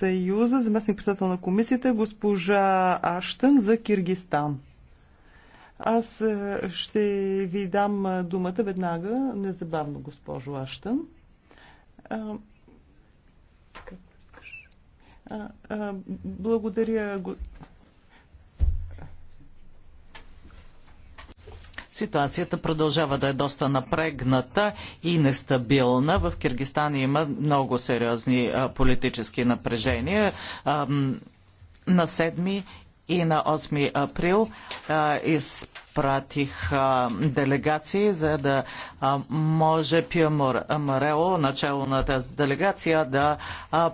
Съюза, заместник председател на комисията, госпожа Аштън за Киргистан. Аз е, ще ви дам е, думата веднага, незабавно, госпожо Аштън. Благодаря, Ситуацията продължава да е доста напрегната и нестабилна. В Киргистан има много сериозни политически напрежения. На 7 и на 8 април изпратих делегации, за да може Пио Марело, начало на тази делегация, да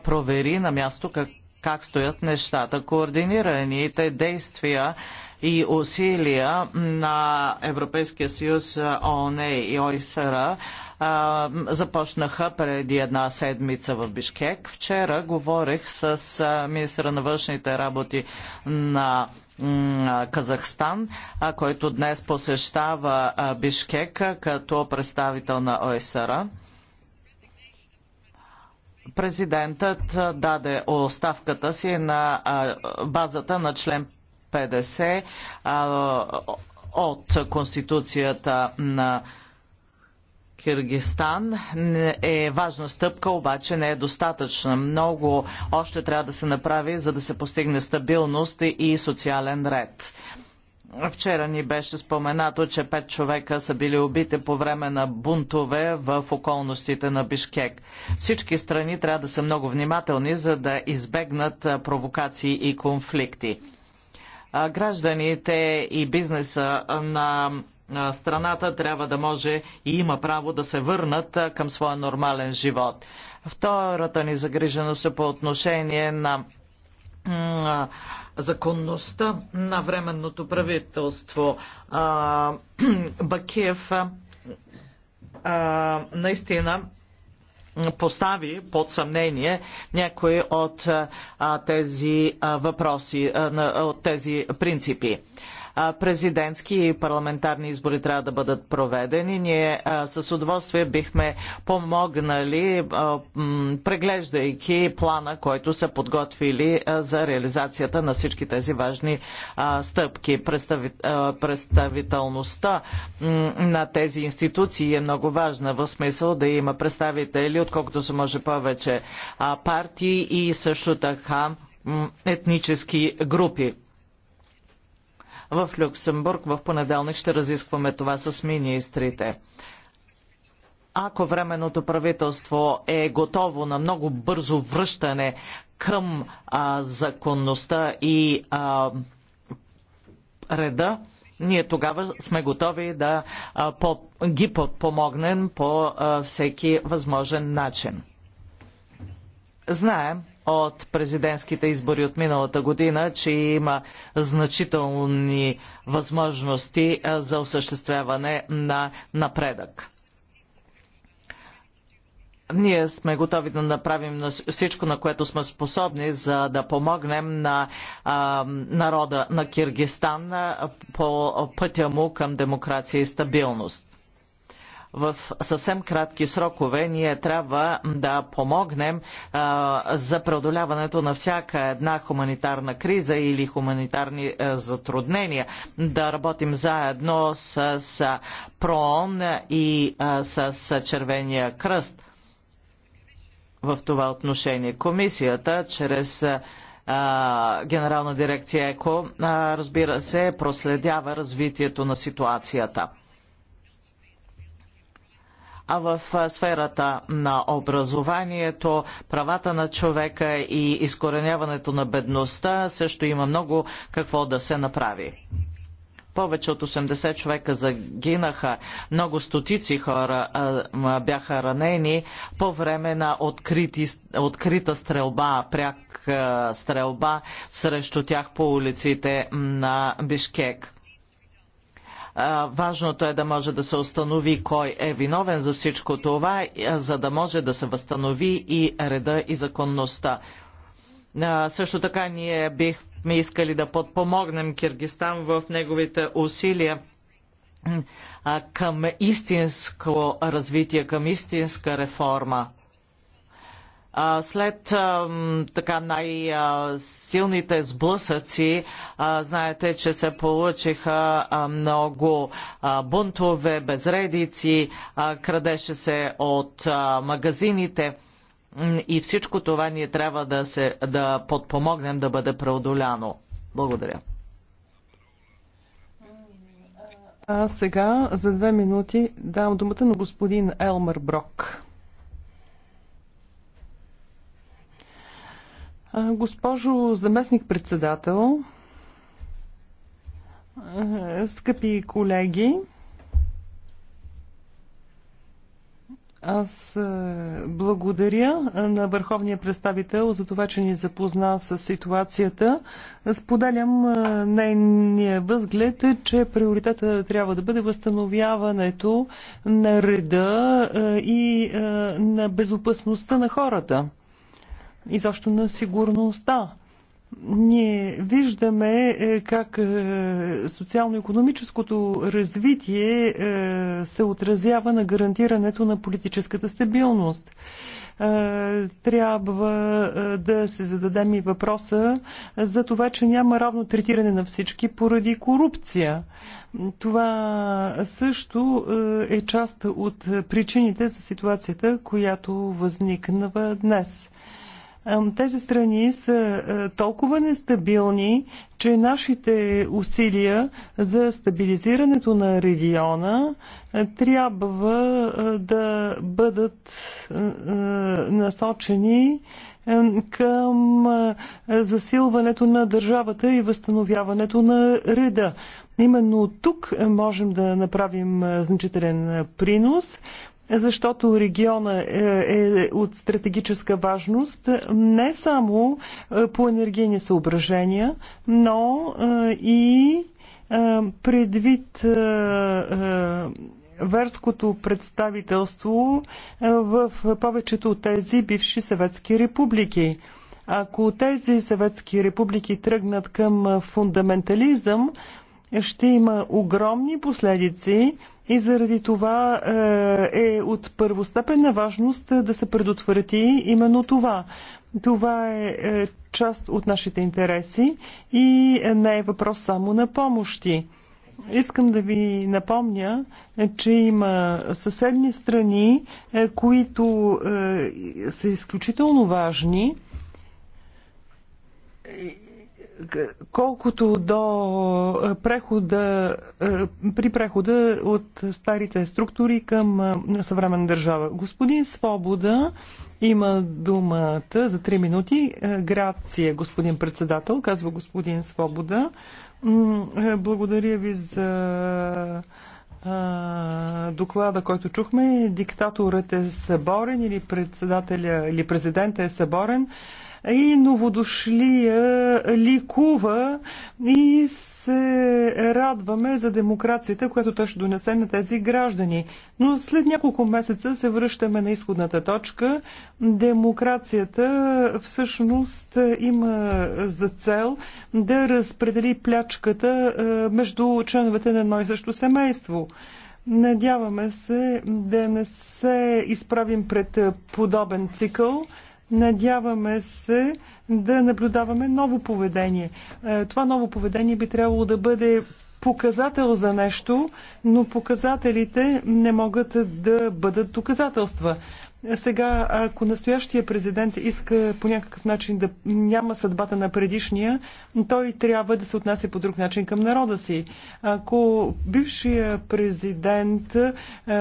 провери на място как, как стоят нещата. Координираните действия и усилия на Европейския съюз, ООН и ОИСР започнаха преди една седмица в Бишкек. Вчера говорих с министра на външните работи на Казахстан, който днес посещава Бишкек като представител на ОСР. Президентът даде оставката си на базата на член 150 а, от Конституцията на Киргистан е важна стъпка, обаче не е достатъчна. Много още трябва да се направи, за да се постигне стабилност и социален ред. Вчера ни беше споменато, че пет човека са били убити по време на бунтове в околностите на Бишкек. Всички страни трябва да са много внимателни, за да избегнат провокации и конфликти гражданите и бизнеса на страната трябва да може и има право да се върнат към своя нормален живот. Втората ни загриженост е по отношение на законността на временното правителство. Бакиев наистина постави под съмнение някои от тези въпроси, от тези принципи президентски и парламентарни избори трябва да бъдат проведени. Ние с удоволствие бихме помогнали, преглеждайки плана, който са подготвили за реализацията на всички тези важни стъпки. Представителността на тези институции е много важна в смисъл да има представители, отколкото се може повече партии и също така етнически групи в Люксембург. В понеделник ще разискваме това с министрите. Ако временното правителство е готово на много бързо връщане към а, законността и а, реда, ние тогава сме готови да а, по, ги подпомогнем по а, всеки възможен начин. Знаем, от президентските избори от миналата година, че има значителни възможности за осъществяване на напредък. Ние сме готови да направим всичко, на което сме способни, за да помогнем на а, народа на Киргистан по пътя му към демокрация и стабилност в съвсем кратки срокове ние трябва да помогнем а, за преодоляването на всяка една хуманитарна криза или хуманитарни а, е, затруднения, да работим заедно с, с ПРООН и а, с, с Червения кръст в това отношение. Комисията чрез Генерална дирекция ЕКО, разбира се, проследява развитието на ситуацията а в сферата на образованието, правата на човека и изкореняването на бедността също има много какво да се направи. Повече от 80 човека загинаха, много стотици хора а, бяха ранени по време на открити, открита стрелба, пряк а, стрелба срещу тях по улиците на Бишкек Важното е да може да се установи кой е виновен за всичко това, за да може да се възстанови и реда и законността. Също така ние бихме искали да подпомогнем Киргистан в неговите усилия към истинско развитие, към истинска реформа. След така най-силните сблъсъци, знаете, че се получиха много бунтове, безредици, крадеше се от магазините и всичко това ние трябва да, се, да подпомогнем да бъде преодоляно. Благодаря. А сега за две минути давам думата на господин Елмар Брок. Госпожо заместник-председател, скъпи колеги, Аз благодаря на върховния представител за това, че ни запозна с ситуацията. Споделям нейния възглед, че приоритета трябва да бъде възстановяването на реда и на безопасността на хората и защо на сигурността. Ние виждаме е, как е, социално-економическото развитие е, се отразява на гарантирането на политическата стабилност трябва да се зададем и въпроса за това, че няма равно третиране на всички поради корупция. Това също е част от причините за ситуацията, която възникнава днес. Тези страни са е, толкова нестабилни, че нашите усилия за стабилизирането на региона е, трябва е, да бъдат насочени към засилването на държавата и възстановяването на реда. Именно тук можем да направим значителен принос защото региона е, е от стратегическа важност не само е, по енергийни съображения, но е, и предвид верското представителство в повечето от тези бивши съветски републики. Ако тези съветски републики тръгнат към фундаментализъм, ще има огромни последици и заради това е, е от първостепенна важност е, да се предотврати именно това. Това е, е част от нашите интереси и не е въпрос само на помощи. Искам да ви напомня, че има съседни страни, които са изключително важни Колкото до е, прехода, е, при прехода от старите структури към е, съвременна държава. Господин Свобода има думата за 3 минути. Грация, господин председател, казва господин Свобода. Благодаря ви за доклада, който чухме. Диктаторът е съборен или председателя или президента е съборен и новодошлия ликува и се радваме за демокрацията, която той ще донесе на тези граждани. Но след няколко месеца се връщаме на изходната точка. Демокрацията всъщност има за цел да разпредели плячката е, между членовете на едно и също семейство. Надяваме се да не се изправим пред подобен цикъл. Надяваме се да наблюдаваме ново поведение. Е, това ново поведение би трябвало да бъде показател за нещо, но показателите не могат да бъдат доказателства. Сега, ако настоящия президент иска по някакъв начин да няма съдбата на предишния, той трябва да се отнася по друг начин към народа си. Ако бившия президент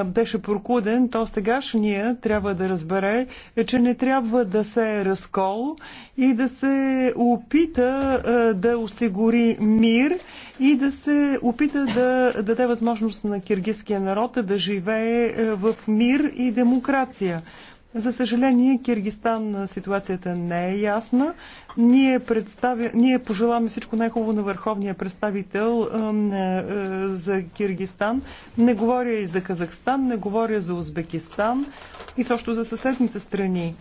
беше прокуден, то сегашния трябва да разбере, че не трябва да се е разкол и да се опита да осигури мир и да се опита да даде възможност на киргизския народ да живее е, в мир и демокрация. За съжаление, Киргистан е, ситуацията не е ясна. Ние, представя, ние пожелаваме всичко най-хубаво на върховния представител э, э, за Киргистан. Не говоря и за Казахстан, не говоря за Узбекистан и също за съседните страни.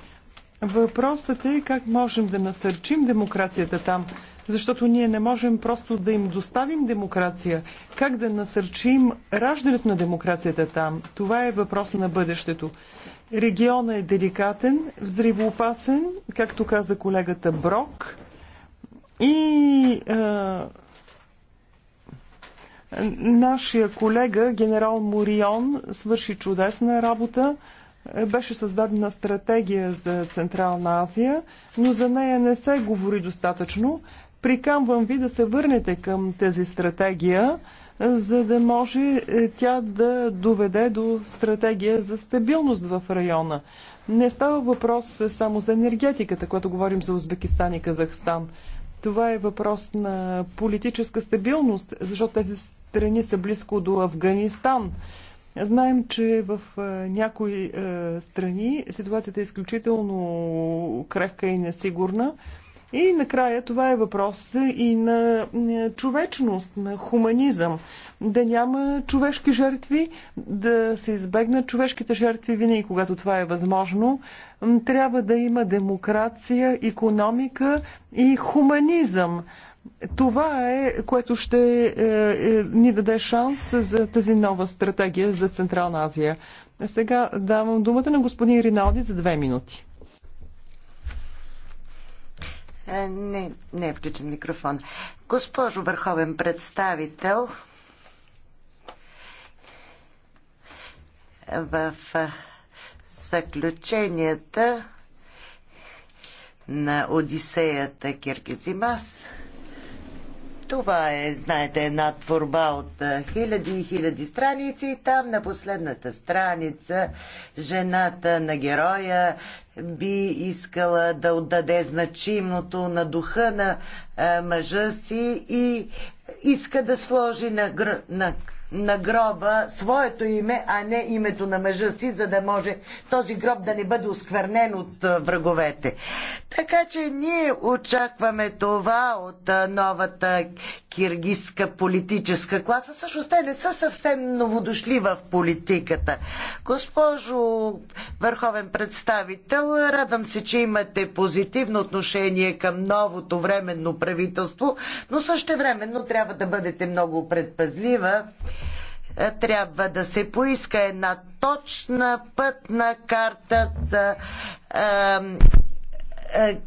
Въпросът е как можем да насърчим демокрацията там защото ние не можем просто да им доставим демокрация. Как да насърчим раждането на демокрацията там? Това е въпрос на бъдещето. Региона е деликатен, взривоопасен, както каза колегата Брок. И а, нашия колега, генерал Морион, свърши чудесна работа. Беше създадена стратегия за Централна Азия, но за нея не се говори достатъчно. Прикамвам ви да се върнете към тази стратегия, за да може е, тя да доведе до стратегия за стабилност в района. Не става въпрос е, само за енергетиката, когато говорим за Узбекистан и Казахстан. Това е въпрос на политическа стабилност, защото тези страни са близко до Афганистан. Знаем, че в е, някои страни ситуацията е изключително крехка и несигурна. И накрая това е въпрос и на човечност, на хуманизъм. Да няма човешки жертви, да се избегнат човешките жертви винаги, когато това е възможно. Трябва да има демокрация, економика и хуманизъм. Това е, което ще е, е, ни даде шанс за тази нова стратегия за Централна Азия. Сега давам думата на господин Риналди за две минути. Е, не, не е включен микрофон. Госпожо Върховен представител, в заключенията на Одисеята Киргизимас това е, знаете, една творба от хиляди и хиляди страници и там на последната страница жената на героя би искала да отдаде значимото на духа на мъжа си и иска да сложи на, на на гроба своето име, а не името на мъжа си, за да може този гроб да не бъде осквернен от враговете. Така че ние очакваме това от новата киргизска политическа класа. Също те не са съвсем новодошли в политиката. Госпожо върховен представител, радвам се, че имате позитивно отношение към новото временно правителство, но също времено трябва да бъдете много предпазлива е, трябва да се поиска една точна пътна карта за е,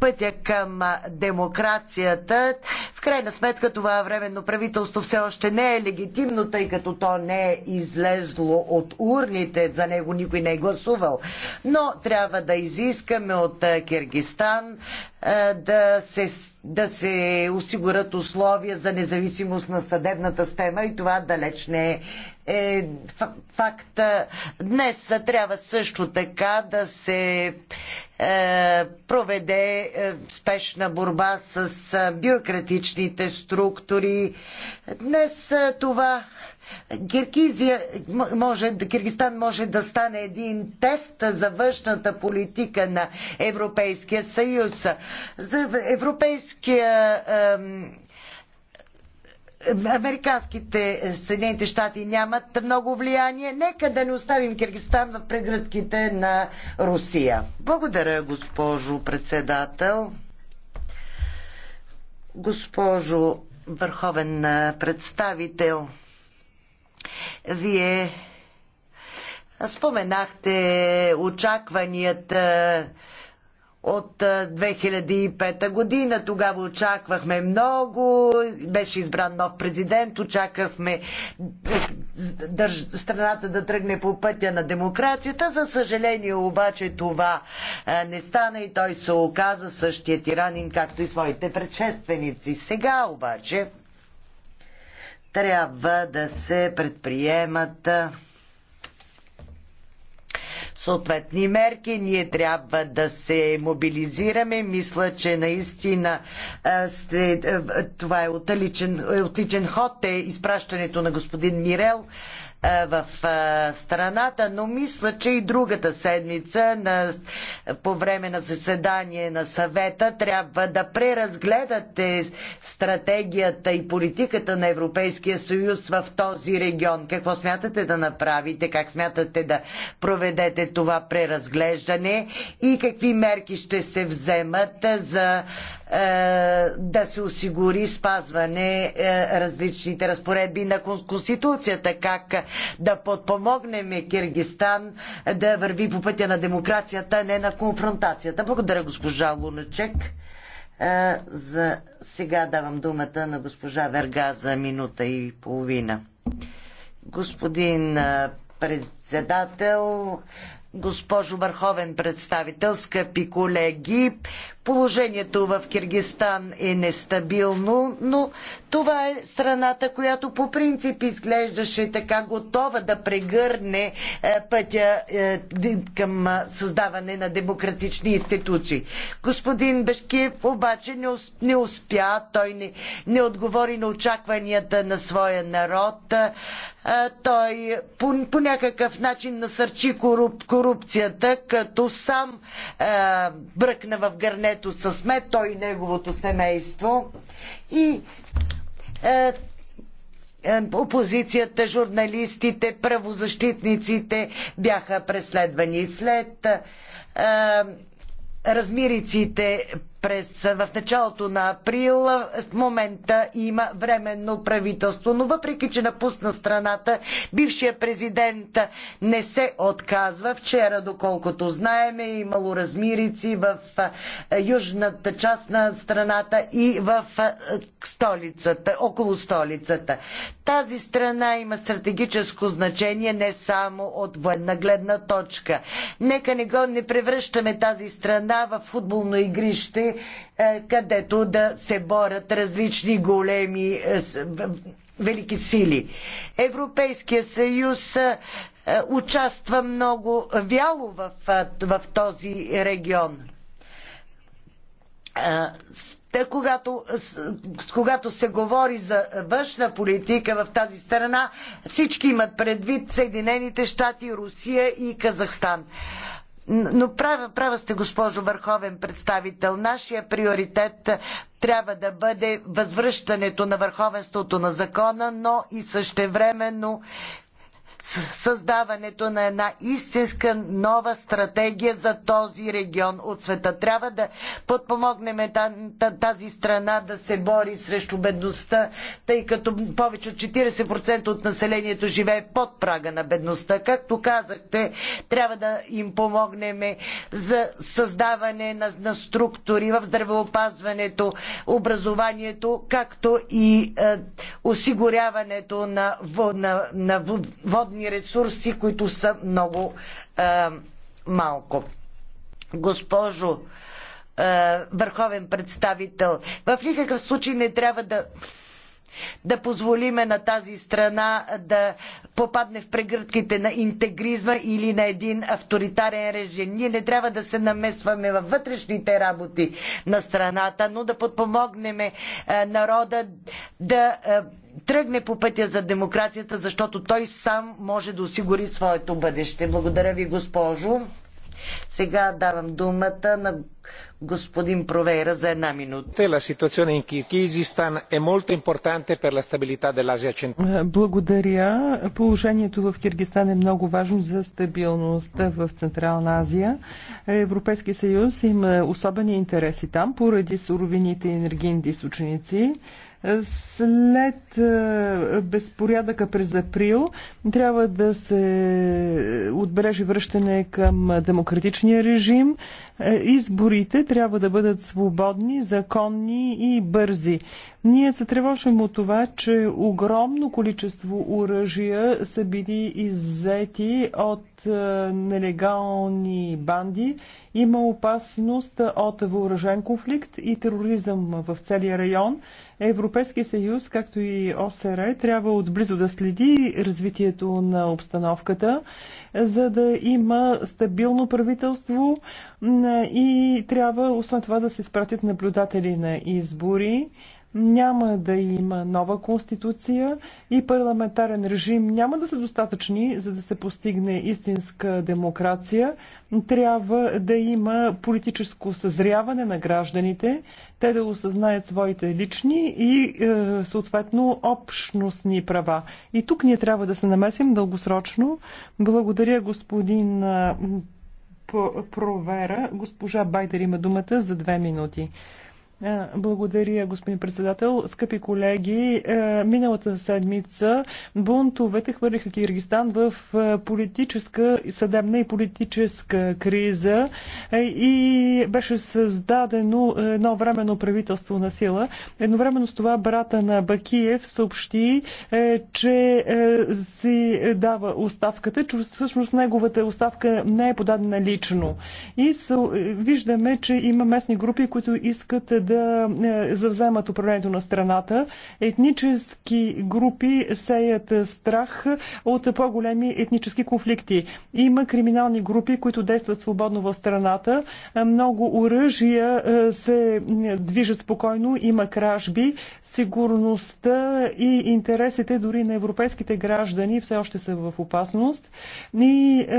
пътя към демокрацията. В крайна сметка това временно правителство все още не е легитимно, тъй като то не е излезло от урните, за него никой не е гласувал. Но трябва да изискаме от е, Киргистан е, да се, да се осигурят условия за независимост на съдебната система и това далеч не е, е факт. Днес трябва също така да се е, проведе е, спешна борба с е, бюрократичните структури. Днес е, това Киргизия може, Киргистан може да стане един тест за външната политика на Европейския съюз. За Европейския Американските е, Съединените щати нямат много влияние. Нека да не оставим Киргистан в прегръдките на Русия. Благодаря, госпожо председател. Госпожо върховен представител. Вие споменахте очакванията от 2005 година. Тогава очаквахме много, беше избран нов президент, очаквахме е, страната да тръгне по пътя на демокрацията. За съжаление обаче това не стана и той се оказа същия тиранин, както и своите предшественици. Сега обаче трябва да се предприемат съответни мерки. Ние трябва да се мобилизираме. Мисля, че наистина сте, това е отличен, е отличен ход е изпращането на господин Мирел е, в е, страната, но мисля, че и другата седмица на, по време на заседание на съвета трябва да преразгледате стратегията и политиката на Европейския съюз в този регион. Какво смятате да направите? Как смятате да проведете това преразглеждане? И какви мерки ще се вземат за е, да се осигури спазване е, различните разпоредби на Конституцията, как да подпомогнем Киргистан да върви по пътя на демокрацията, а не на конфронтацията. Благодаря, госпожа Луначек. Е, за сега давам думата на госпожа Верга за минута и половина. Господин председател, госпожо върховен представител, скъпи колеги. Положението в Киргизстан е нестабилно, но това е страната, която по принцип изглеждаше така готова да прегърне е, пътя е, към създаване на демократични институции. Господин Бешкиев обаче не успя, той не, не отговори на очакванията на своя народ. Е, той по, по някакъв начин насърчи корупцията корупцията, като сам е, бръкна в гърнето с мед, той и неговото семейство. И е, е опозицията, журналистите, правозащитниците бяха преследвани. След е, размириците през, в началото на април. В момента има временно правителство, но въпреки, че напусна страната, бившия президент не се отказва. Вчера, доколкото знаеме, е имало размирици в южната част на страната и в столицата, около столицата. Тази страна има стратегическо значение не само от военна гледна точка. Нека не го не превръщаме тази страна в футболно игрище е, където да се борят различни големи е, велики сили. Европейския съюз е, участва много вяло в, в този регион когато, когато се говори за външна политика в тази страна, всички имат предвид Съединените щати, Русия и Казахстан. Но права, права сте, госпожо Върховен представител. Нашия приоритет трябва да бъде възвръщането на върховенството на закона, но и същевременно създаването на една истинска нова стратегия за този регион от света. Трябва да подпомогнем тази страна да се бори срещу бедността, тъй като повече от 40% от населението живее под прага на бедността. Както казахте, трябва да им помогнем за създаване на, на структури в здравеопазването, образованието, както и е, осигуряването на, на, на, на природни ресурси, които са много е, малко. Госпожо е, върховен представител, в никакъв случай не трябва да да позволиме на тази страна да попадне в прегръдките на интегризма или на един авторитарен режим. Ние не трябва да се намесваме във вътрешните работи на страната, но да подпомогнем е, народа да е, тръгне по пътя за демокрацията, защото той сам може да осигури своето бъдеще. Благодаря ви, госпожо. Сега давам думата на господин Провера за една минута. Е е, благодаря. Положението в Киргизстан е много важно за стабилността в Централна Азия. Европейския съюз има особени интереси там поради суровините и енергийните източници. След е, безпорядъка през април трябва да се отбележи връщане към демократичния режим. Е, изборите трябва да бъдат свободни, законни и бързи. Ние се тревожим от това, че огромно количество оръжия са били иззети от е, нелегални банди. Има опасност от въоръжен конфликт и тероризъм в целия район. Европейския съюз, както и ОСР, трябва отблизо да следи развитието на обстановката, за да има стабилно правителство и трябва, освен това, да се спратят наблюдатели на избори няма да има нова конституция и парламентарен режим няма да са достатъчни, за да се постигне истинска демокрация. Трябва да има политическо съзряване на гражданите, те да осъзнаят своите лични и е, съответно общностни права. И тук ние трябва да се намесим дългосрочно. Благодаря господин е, провера. Госпожа Байдер има думата за две минути. Е, благодаря, господин председател. Скъпи колеги, е, миналата седмица бунтовете хвърлиха Киргистан в е, политическа, съдебна и политическа криза и беше създадено едно временно правителство на сила. Едновременно с това брата на Бакиев съобщи, че си дава оставката, че всъщност неговата оставка не е подадена лично. И виждаме, че има местни групи, които искат да е, завземат управлението на страната. Етнически групи сеят страх от по-големи етнически конфликти. Има криминални групи, които действат свободно в страната. Е, много оръжия е, се движат спокойно, има кражби. Сигурността и интересите дори на европейските граждани все още са в опасност. И е,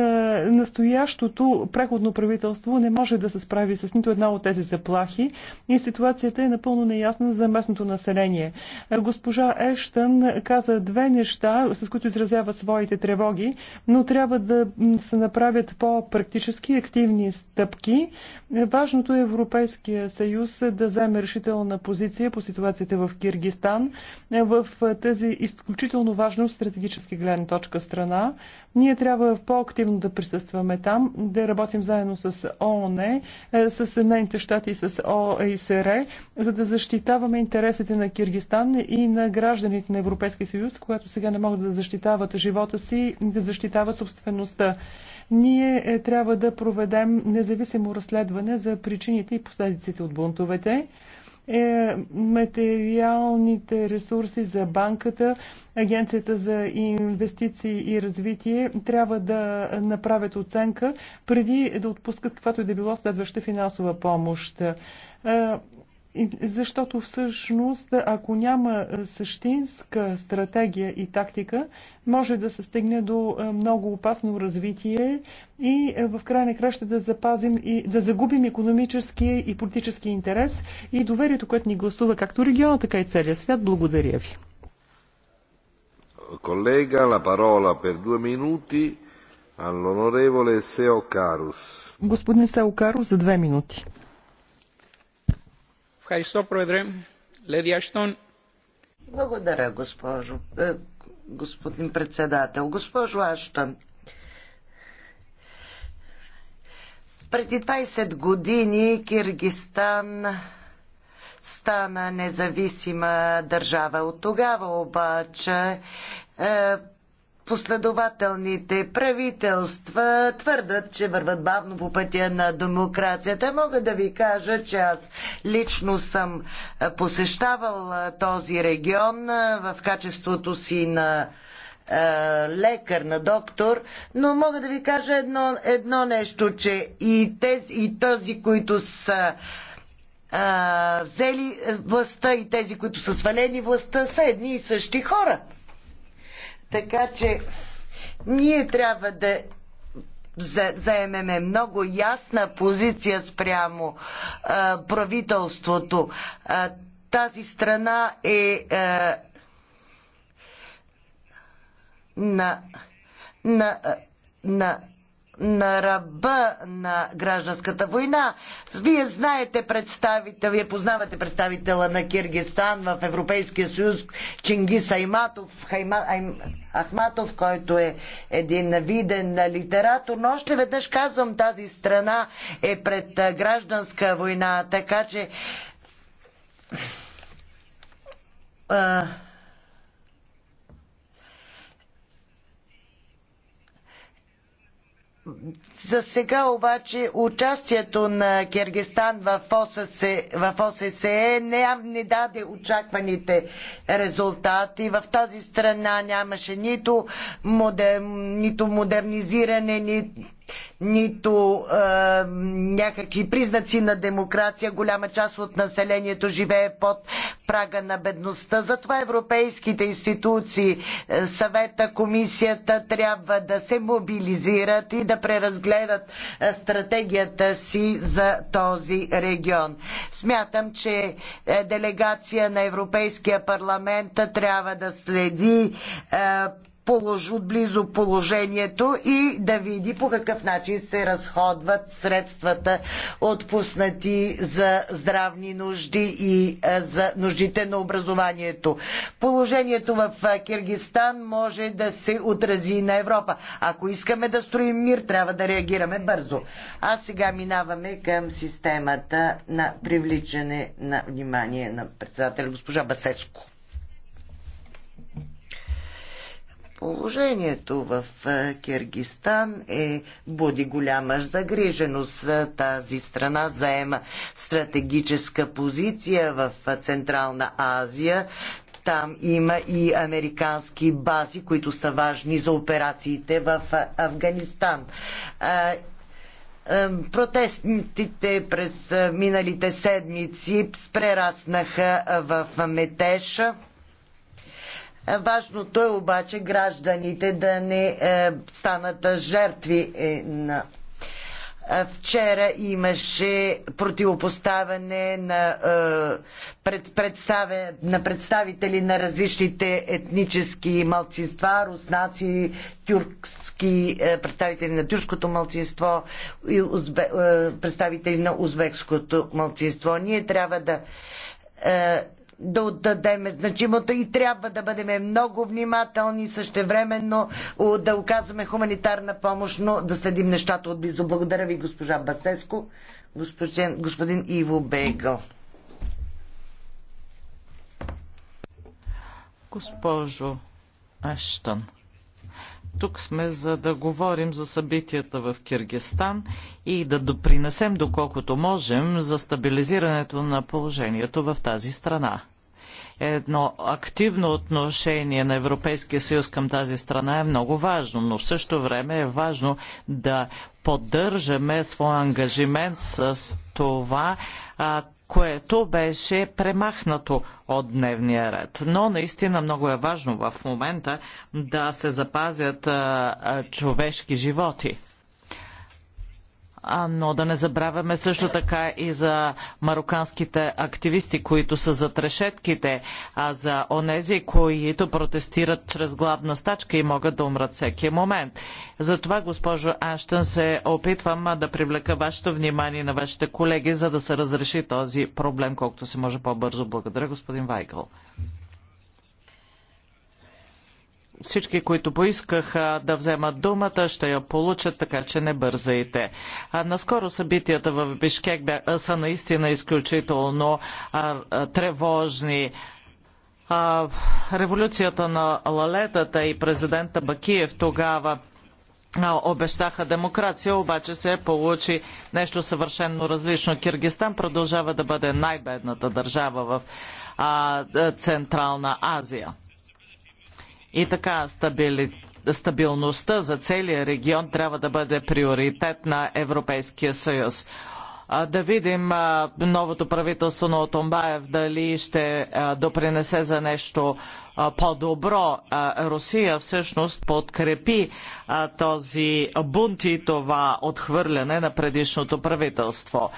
настоящото преходно правителство не може да се справи с нито една от тези заплахи. Институт ситуацията е напълно неясна за местното население. Госпожа Ештън каза две неща, с които изразява своите тревоги, но трябва да се направят по-практически активни стъпки. Важното е Европейския съюз да вземе решителна позиция по ситуацията в Киргистан, в тази изключително важна стратегически гледна точка страна. Ние трябва по-активно да присъстваме там, да работим заедно с ООН, е, с Съединените щати и с ОИСР, е. ОИСР, за да защитаваме интересите на Киргистан и на гражданите на Европейския съюз, когато сега не могат да защитават живота си, да защитават собствеността. Ние е, трябва да проведем независимо разследване за причините и последиците от бунтовете е, материалните ресурси за банката, Агенцията за инвестиции и развитие трябва да направят оценка преди да отпускат каквато и да било следваща финансова помощ. Е, защото всъщност, ако няма същинска стратегия и тактика, може да се стигне до много опасно развитие и в край на краща да запазим и да загубим економическия и политически интерес и доверието, което ни гласува както региона, така и целия свят. Благодаря ви. Колега, la parola per due minuti all'onorevole Господин Сеокарус, за две минути. Благодаря, госпожо. Е, господин председател. Госпожо Аштон, преди 20 години Киргистан стана независима държава. От тогава обаче е, последователните правителства твърдат, че върват бавно по пътя на демокрацията. Мога да ви кажа, че аз лично съм посещавал този регион в качеството си на лекар, на доктор, но мога да ви кажа едно, едно нещо, че и, тези, и този, които са а, взели властта и тези, които са свалени властта, са едни и същи хора. Така че ние трябва да за, заемеме много ясна позиция спрямо а, правителството. А, тази страна е а, на, на, на на ръба на гражданската война. Вие знаете представител, вие познавате представителя на Киргистан в Европейския съюз, Чингис Айматов, Хайма, Айм, Ахматов, който е един виден литератор, но още веднъж казвам, тази страна е пред гражданска война, така че... А За сега обаче участието на Киргизстан в ОССЕ, не, не даде очакваните резултати. В тази страна нямаше нито, модер, нито модернизиране, нито нито е, някакви признаци на демокрация. Голяма част от населението живее под прага на бедността. Затова европейските институции, е, съвета, комисията трябва да се мобилизират и да преразгледат е, стратегията си за този регион. Смятам, че е, делегация на Европейския парламент трябва да следи Положи отблизо положението и да види по какъв начин се разходват средствата отпуснати за здравни нужди и за нуждите на образованието. Положението в Киргизстан може да се отрази на Европа. Ако искаме да строим мир, трябва да реагираме бързо. А сега минаваме към системата на привличане на внимание на председателя госпожа Басеско. Положението в Киргистан е буди голяма загриженост. Тази страна заема стратегическа позиция в Централна Азия. Там има и американски бази, които са важни за операциите в Афганистан. Протестите през миналите седмици прераснаха в метеша Важното е обаче гражданите да не е, станат жертви е, на е, Вчера имаше противопоставяне на, на, представители на различните етнически малцинства, руснаци, тюркски, представители на тюркското малцинство и представители на узбекското малцинство. Ние трябва да да отдадем значимото и трябва да бъдем много внимателни същевременно да оказваме хуманитарна помощ, но да следим нещата отблизо. Благодаря ви, госпожа Басеско, господин, господин Иво Бегъл. Госпожо Аштън, тук сме за да говорим за събитията в Киргистан и да допринесем доколкото можем за стабилизирането на положението в тази страна. Едно активно отношение на Европейския съюз към тази страна е много важно, но в същото време е важно да поддържаме своя ангажимент с това а, което беше премахнато от дневния ред. Но наистина много е важно в момента да се запазят а, а, човешки животи но да не забравяме също така и за мароканските активисти, които са зад решетките, а за онези, които протестират чрез гладна стачка и могат да умрат всеки момент. Затова, госпожо Аштън, се опитвам да привлека вашето внимание на вашите колеги, за да се разреши този проблем колкото се може по-бързо. Благодаря, господин Вайгъл всички, които поискаха да вземат думата, ще я получат, така че не бързайте. А наскоро събитията в Бишкек са наистина изключително а, а, тревожни. А, революцията на лалетата и президента Бакиев тогава обещаха демокрация, обаче се получи нещо съвършенно различно. Киргистан продължава да бъде най-бедната държава в а, Централна Азия. И така стабилността за целия регион трябва да бъде приоритет на Европейския съюз. Да видим новото правителство на Отомбаев дали ще допринесе за нещо по-добро. Русия всъщност подкрепи този бунт и това отхвърляне на предишното правителство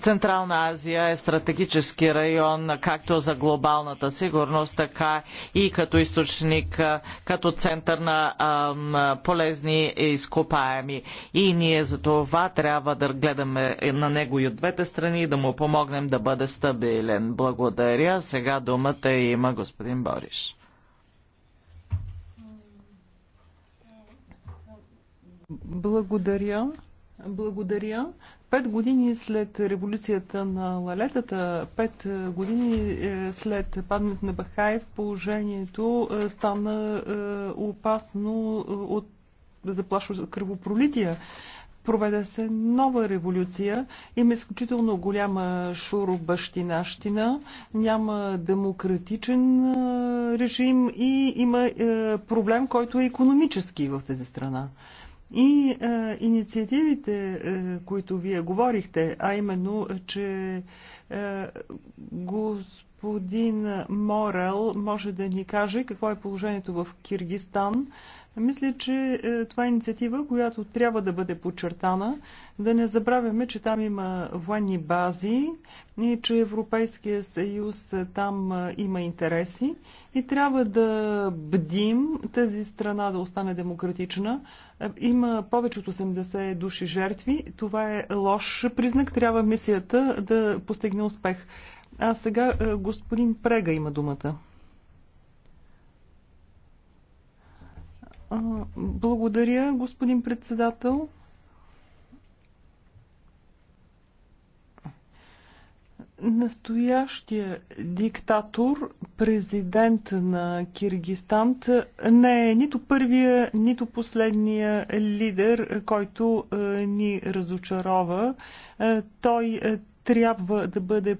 Централна Азия е стратегически район както за глобалната сигурност, така и като източник, като център на ам, полезни изкопаеми. И ние за това трябва да гледаме на него и от двете страни и да му помогнем да бъде стабилен. Благодаря. Сега думата има господин Бориш. Благодаря. Благодаря. Пет години след революцията на лалетата, пет години е, след падането на Бахаев, положението е, стана е, опасно от заплашва кръвопролития. Проведе се нова революция. Има изключително голяма шуробащинащина, няма демократичен режим и има проблем, който е економически в тази страна. И е, инициативите, е, които вие говорихте, а именно, че е, господин Морел може да ни каже какво е положението в Киргистан, мисля, че е, това е инициатива, която трябва да бъде подчертана. Да не забравяме, че там има военни бази и че Европейския съюз е, там е, има интереси и трябва да бдим тази страна да остане демократична. Има повече от 80 души жертви. Това е лош признак. Трябва мисията да постигне успех. А сега господин Прега има думата. Благодаря, господин председател. Настоящия диктатор, президент на Киргистан, не е нито първия, нито последния лидер, който ни разочарова. Той трябва да бъде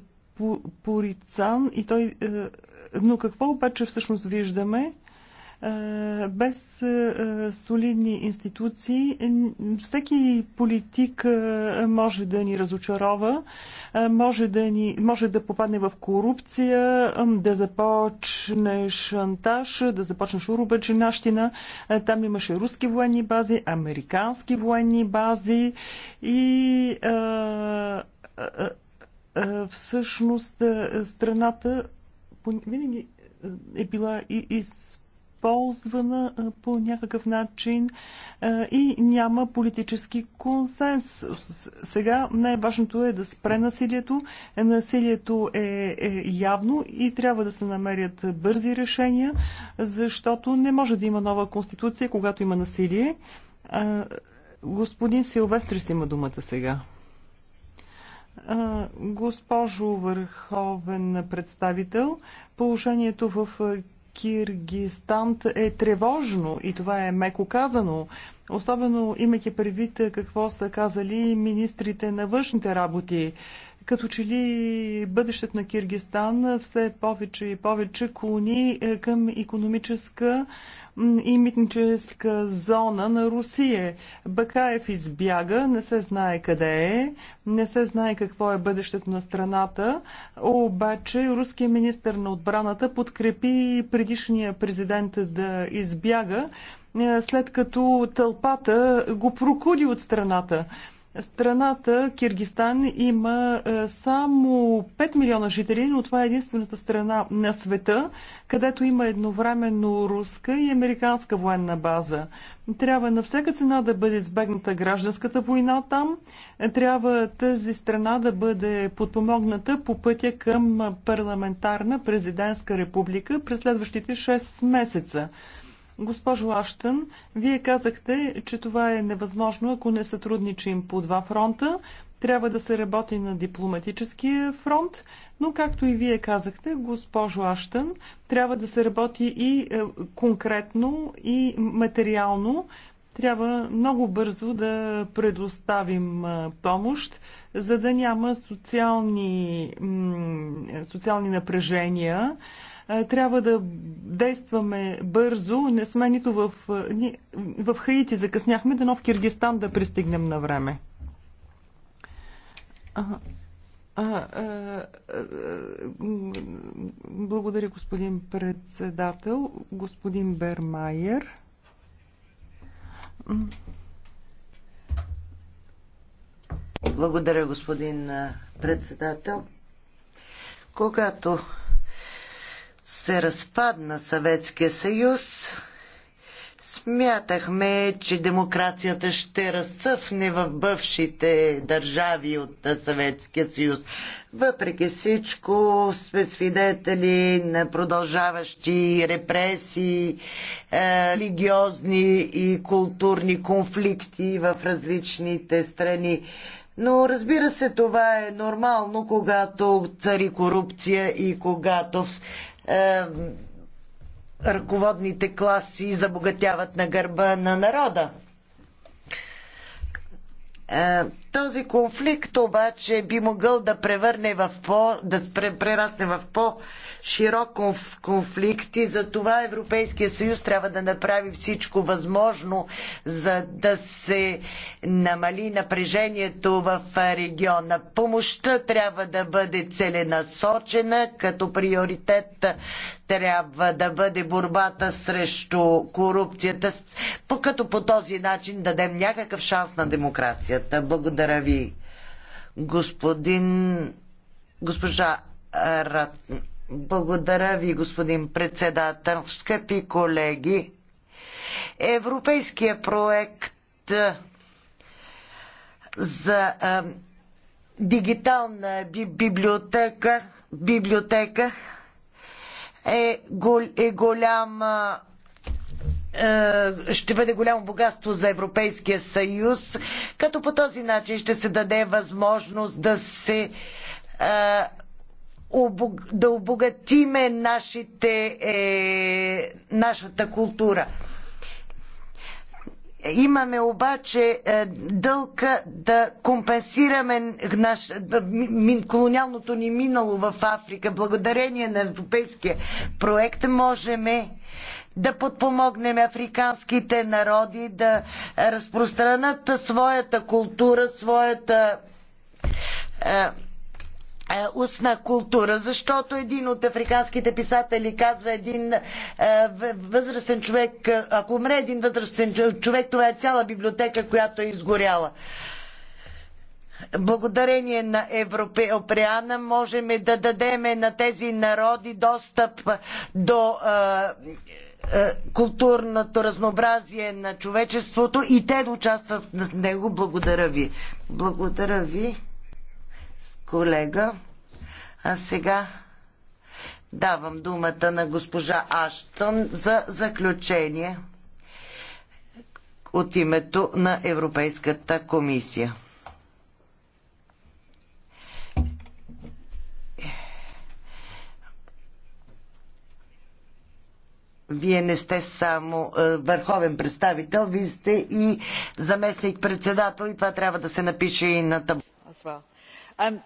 порицан и той... Но какво обаче всъщност виждаме? Е, без е, солидни институции всеки политик е, може да ни разочарова, може да, ни, може да попадне в корупция, да започне шантаж, да започне урубачинащина. Там имаше руски военни бази, американски военни бази и а, а, а, всъщност страната винаги е била и, и използвана по някакъв начин и няма политически консенс. Сега най-важното е да спре насилието. Насилието е, е явно и трябва да се намерят бързи решения, защото не може да има нова конституция, когато има насилие. Господин Силвестрис има думата сега. Госпожо върховен представител, положението в Киргистан е тревожно и това е меко казано, особено имайки предвид какво са казали министрите на външните работи. Като че ли бъдещето на Киргистан все повече и повече клони е, към економическа и митническа зона на Русия. Бакаев избяга, не се знае къде е, не се знае какво е бъдещето на страната, обаче руският министр на отбраната подкрепи предишния президент да избяга, е, след като тълпата го прокуди от страната. Страната Киргистан има е, само 5 милиона жители, но това е единствената страна на света, където има едновременно руска и американска военна база. Трябва на всяка цена да бъде избегната гражданската война там. Трябва тази страна да бъде подпомогната по пътя към парламентарна президентска република през следващите 6 месеца. Госпожо Аштън, вие казахте, че това е невъзможно, ако не сътрудничим по два фронта. Трябва да се работи на дипломатическия фронт, но както и вие казахте, госпожо Аштън, трябва да се работи и е, конкретно, и материално. Трябва много бързо да предоставим е, помощ, за да няма социални, социални напрежения трябва да действаме бързо. Не сме нито в, в Хаити закъсняхме, дано в Киргистан да пристигнем на време. Благодаря, господин председател. Господин Бермайер. Благодаря, господин председател. Когато се разпадна Съветския съюз, смятахме, че демокрацията ще разцъфне в бъвшите държави от Съветския съюз. Въпреки всичко сме свидетели на продължаващи репресии, е, религиозни и културни конфликти в различните страни. Но разбира се, това е нормално, когато цари корупция и когато е, ръководните класи забогатяват на гърба на народа. Е, този конфликт обаче би могъл да превърне в по, да прерасне в по-широк конфликт и за това Европейския съюз трябва да направи всичко възможно, за да се намали напрежението в региона. Помощта трябва да бъде целенасочена, като приоритет трябва да бъде борбата срещу корупцията, като по този начин дадем някакъв шанс на демокрацията. Благодаря благодаря ви, господин... Госпожа Рат... Благодаря ви, господин председател. Скъпи колеги, европейския проект за а, дигитална библиотека, библиотека е, гол, е голяма е, ще бъде голямо богатство за Европейския съюз, като по този начин ще се даде възможност да се е, да обогатиме нашите, е, нашата култура. Имаме обаче е, дълга да компенсираме наш, да, колониалното ни минало в Африка. Благодарение на европейския проект можем да подпомогнем африканските народи да разпространят своята култура, своята е, е, устна култура, защото един от африканските писатели казва един е, възрастен човек, ако умре един възрастен човек, това е цяла библиотека, която е изгоряла. Благодарение на Европеана можем да дадем на тези народи достъп до е, културното разнообразие на човечеството и те да участват в него. Благодаря ви. Благодаря ви, колега. А сега давам думата на госпожа Аштън за заключение от името на Европейската комисия. вие не сте само е, върховен представител, вие сте и заместник-председател и това трябва да се напише и на табло. Um, uh,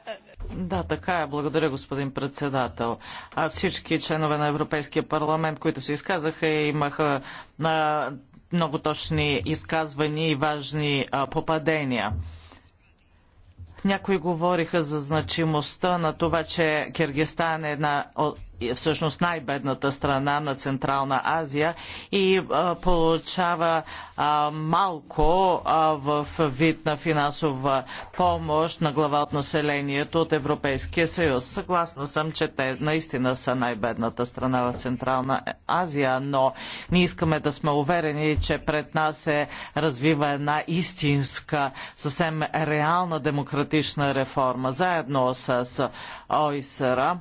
да, така е. Благодаря, господин председател. А всички членове на Европейския парламент, които се изказаха, имаха а, много точни изказвания и важни а, попадения. Някои говориха за значимостта на това, че Киргистан е една е всъщност най-бедната страна на Централна Азия и получава малко в вид на финансова помощ на глава от населението от Европейския съюз. Съгласна съм, че те наистина са най-бедната страна в Централна Азия, но ние искаме да сме уверени, че пред нас се развива една истинска, съвсем реална демократична реформа. Заедно с ОИСР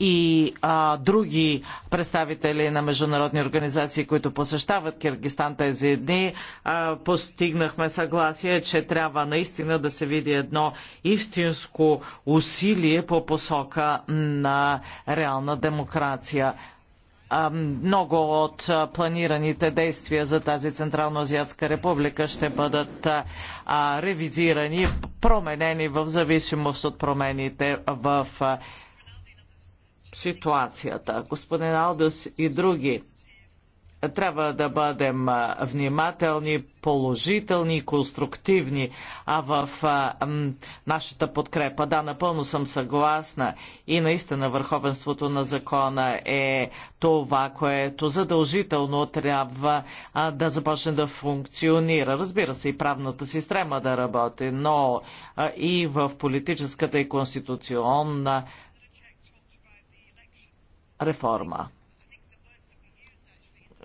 и а, други представители на международни организации, които посещават Киргистан тези дни, а, постигнахме съгласие, че трябва наистина да се види едно истинско усилие по посока на реална демокрация много от планираните действия за тази Централно-Азиатска република ще бъдат ревизирани, променени в зависимост от промените в ситуацията. Господин Алдос и други трябва да бъдем внимателни, положителни и конструктивни а в а, м, нашата подкрепа. Да, напълно съм съгласна и наистина върховенството на закона е това, което задължително трябва а, да започне да функционира. Разбира се, и правната система да работи, но а, и в политическата и конституционна реформа.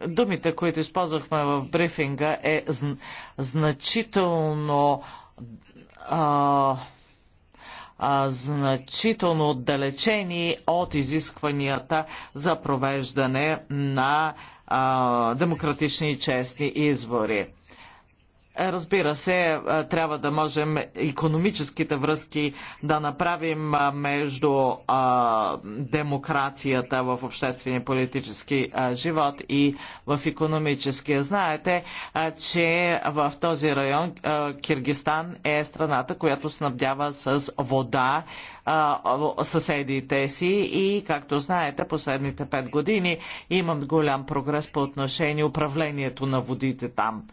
Думите, които използвахме в брифинга е значително а, а, значително отдалечени от изискванията за провеждане на а, демократични и честни избори. Разбира се, е, трябва да можем економическите връзки да направим е, между е, демокрацията в обществения политически живот и в економическия. Знаете, че в този район Киргистан е страната, която снабдява с вода съседите си и, както знаете, последните пет години имам голям прогрес по отношение управлението на водите там.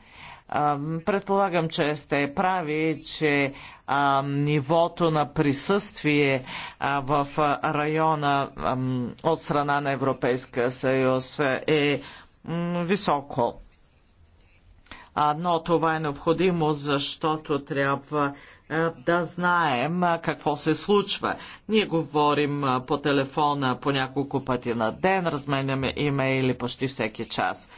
Предполагам, че сте прави, че а, нивото на присъствие а, в района а, от страна на Европейския съюз е високо. Но това е необходимо, защото трябва да знаем какво се случва. Ние говорим по телефона по няколко пъти на ден, разменяме имейли почти всеки час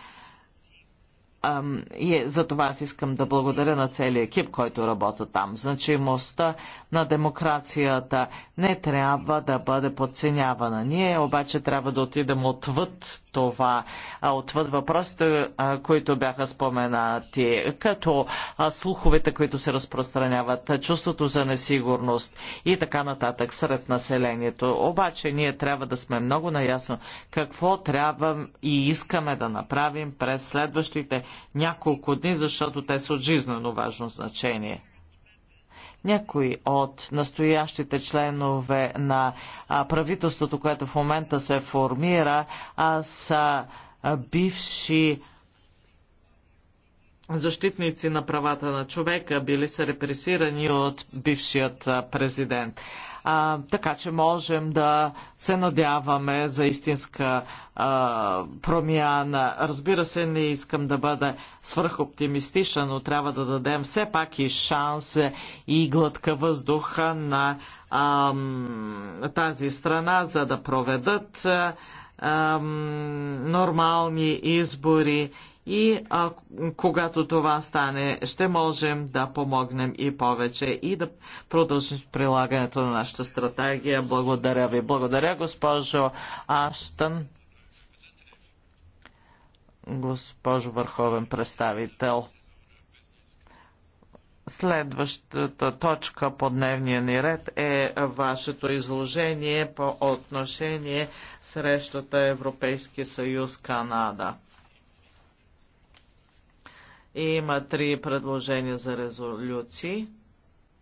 и за това аз искам да благодаря на целия екип, който работи там. Значимостта на демокрацията не трябва да бъде подценявана. Ние обаче трябва да отидем отвъд това, отвъд въпросите, които бяха споменати, като слуховете, които се разпространяват, чувството за несигурност и така нататък сред населението. Обаче ние трябва да сме много наясно какво трябва и искаме да направим през следващите няколко дни, защото те са от жизнено важно значение. Някои от настоящите членове на правителството, което в момента се формира, са бивши защитници на правата на човека, били са репресирани от бившият президент а, така че можем да се надяваме за истинска а, промяна. Разбира се, не искам да бъда свръхоптимистична, но трябва да дадем все пак и шанс и глътка въздуха на а, тази страна, за да проведат а, нормални избори и а, когато това стане, ще можем да помогнем и повече и да продължим прилагането на нашата стратегия. Благодаря ви. Благодаря, госпожо Аштън. Госпожо Върховен представител. Следващата точка по дневния ни ред е вашето изложение по отношение срещата Европейски съюз Канада. Има три предложения за резолюции.